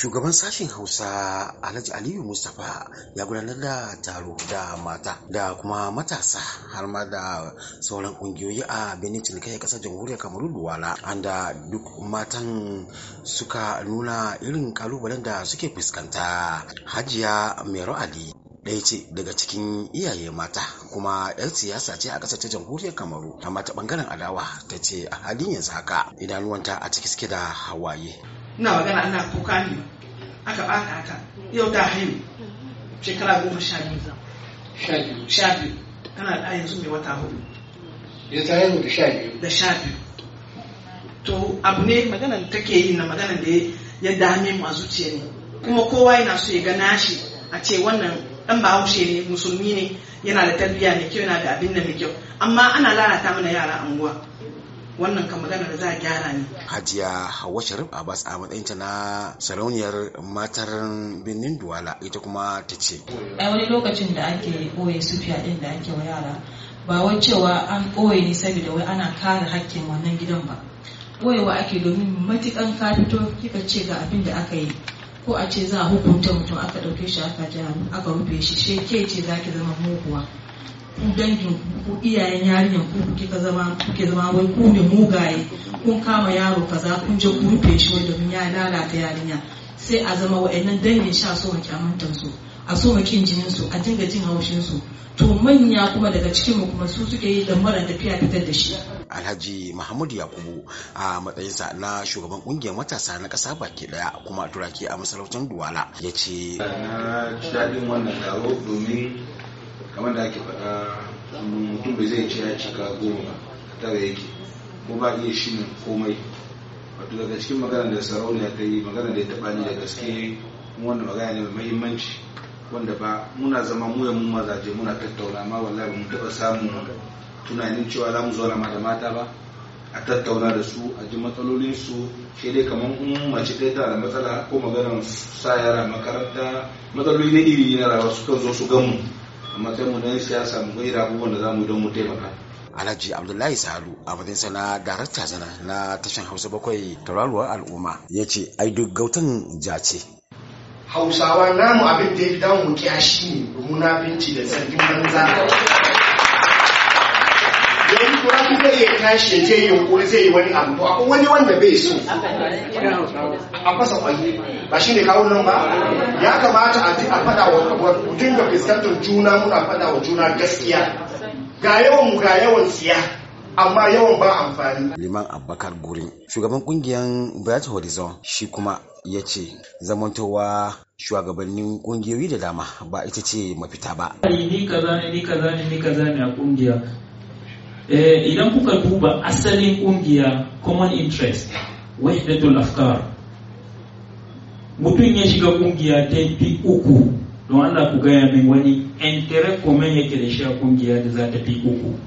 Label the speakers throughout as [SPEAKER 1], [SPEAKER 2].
[SPEAKER 1] shugaban sashen hausa alhaji aliyu mustapha ya gudanar da taro da mata da kuma matasa har ma da sauran kungiyoyi a benin cinikai kasar jamhuriyar kamaru duwala anda duk matan suka nuna irin kalubalen da suke fuskanta hajiya mero ali daya ce daga cikin iyaye mata kuma 'yar siyasa ce a ƙasar ta jamhuriyar kamaru amma ta ɓangaren adawa ta ce a halin yanzu haka idanuwanta a ciki suke da hawaye ina magana ina kuka ne aka ba ka aka yau ta haihu shekara goma sha biyu sha biyu kana da yanzu mai wata hudu ya ta haihu da sha biyu da sha biyu to abu ne maganan take yi na maganan da ya dame mu a zuciya ne kuma kowa yana so ya ga nashi a ce wannan dan bahaushe ne musulmi ne yana da tarbiyya mai kyau yana da abin da mai kyau amma ana lalata mana yara anguwa wannan kan magana da za a gyara ne. Hajiya Hauwa Sharif Abbas a matsayinta na sarauniyar matar birnin Duwala ita kuma ta ce. A wani lokacin da ake boye sufiya ɗin da ake wa yara ba wai cewa an boye ne saboda wai ana kare hakkin wannan gidan ba. boyewa ake domin matukan ka fito kika ce ga abin da aka yi ko a ce za a hukunta mutum aka ɗauke shi aka ja aka rufe shi shi ke ce za ki zama muguwa ku dangin ku iyayen yarinyar ku kuke zama kuke zama wai ku ne mugaye kun kama yaro kaza kun je ku rufe shi wai domin ya lalata yarinya sai a zama wa'annan dangin sha so mu kyamantar su a so mu kin jinin su a dinga jin haushin su to manya kuma daga cikin mu kuma su suke yi da mara tafiya fitar da shi alhaji muhammadu yakubu a matsayinsa na shugaban kungiyar matasa na kasa baki daya kuma turaki a masarautar duwala ya ce wannan taro kamar da bai zai ce ya cika ba tara yake ko ba wato daga cikin magana da sarauniya ta yi magana da ya taɓa ni da gaske wanda magana ne mai mahimmanci wanda ba muna zama mu ya mu mazaje muna tattauna ma wallahi mu taɓa samun tunanin cewa za mu zauna da mata ba a tattauna da su a ji matsalolin su shi dai kamar in mace ta tana da matsala ko maganar sa yara makaranta matsaloli na iri na rawa su kan zo su gamu a matsayin mu na siyasa mu da abubuwan da za mu don mu taimaka Alhaji Abdullahi Salu a matsayinsa sana darakta zana na tashin Hausa bakwai tauraruwar al'umma ya ce ai duk gautan jace. Hausawa namu abin da ya fi damu kiyashi ne da zargin banza. kura zai iya tashi je yunkuri zai yi wani abu akwai wani wanda bai so a fasa kwayi ba shi ne kawo nan ba ya kamata a fada wa mutum ga fuskantar juna muna fada wa juna gaskiya ga yawan mu ga yawan siya amma yawan ba amfani liman abubakar gurin shugaban kungiyar bright horizon shi kuma ya ce zamantowa shugabannin kungiyoyi da dama ba ita ce mafita ba ni kaza ni kaza ni kaza a kungiya Eh, idan kuka duba asalin kungiya common interest wahdatul afkar mutum ya shiga kungiya ta fi uku don Allah ku gaya min wani entere komen yake da shi a kungiya da za ta fi uku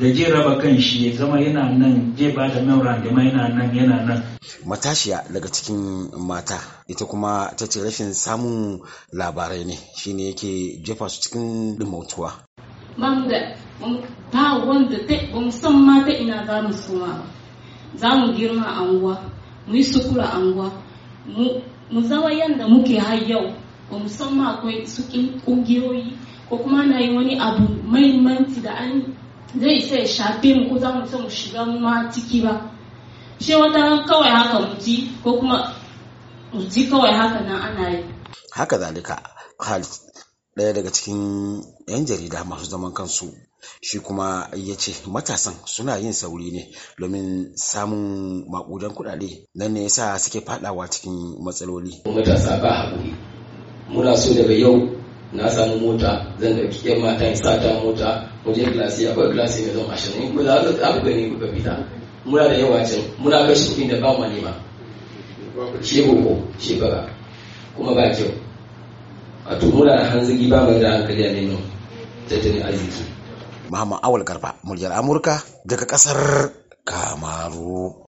[SPEAKER 1] da je raba kan shi ya zama yana nan je ba da da ma yana nan yana nan matashiya daga cikin mata ita kuma ta ce rashin samun labarai ne shine yake jefa su cikin dumautuwa. ba wanda ba mu san ma ta ina za mu suma ba za mu girma anguwa mu yi sukura anguwa mu zama yadda muke har yau ba mu san ma akwai su kungiyoyi ko kuma na yi wani abu manti da an zai sai shafe mu ko za mu mu shiga ma ciki ba shi wata kawai haka mu ji ko kuma mu ji kawai haka nan ana yi haka zalika hal ɗaya daga cikin 'yan jarida masu zaman kansu shi kuma ya ce matasan suna yin sauri ne domin samun makudan kudade nan ne yasa suke fadawa cikin matsaloli matasa ba hakuri
[SPEAKER 2] muna so daga yau
[SPEAKER 1] na samu mota zan ɗauki yan mata in sa ta mota wajen kilasi akwai glasi mai zama ashirin in kula da abu gani ku ka fita muna da yawa can muna kashe kuɗi da ba mu nema shi boko shi bara kuma ba kyau
[SPEAKER 2] a wato muna hanzari ba mai da
[SPEAKER 1] hankali a neman tattalin arziki Muhammad Awal Garba, muryar Amurka daga kasar. Kamaru.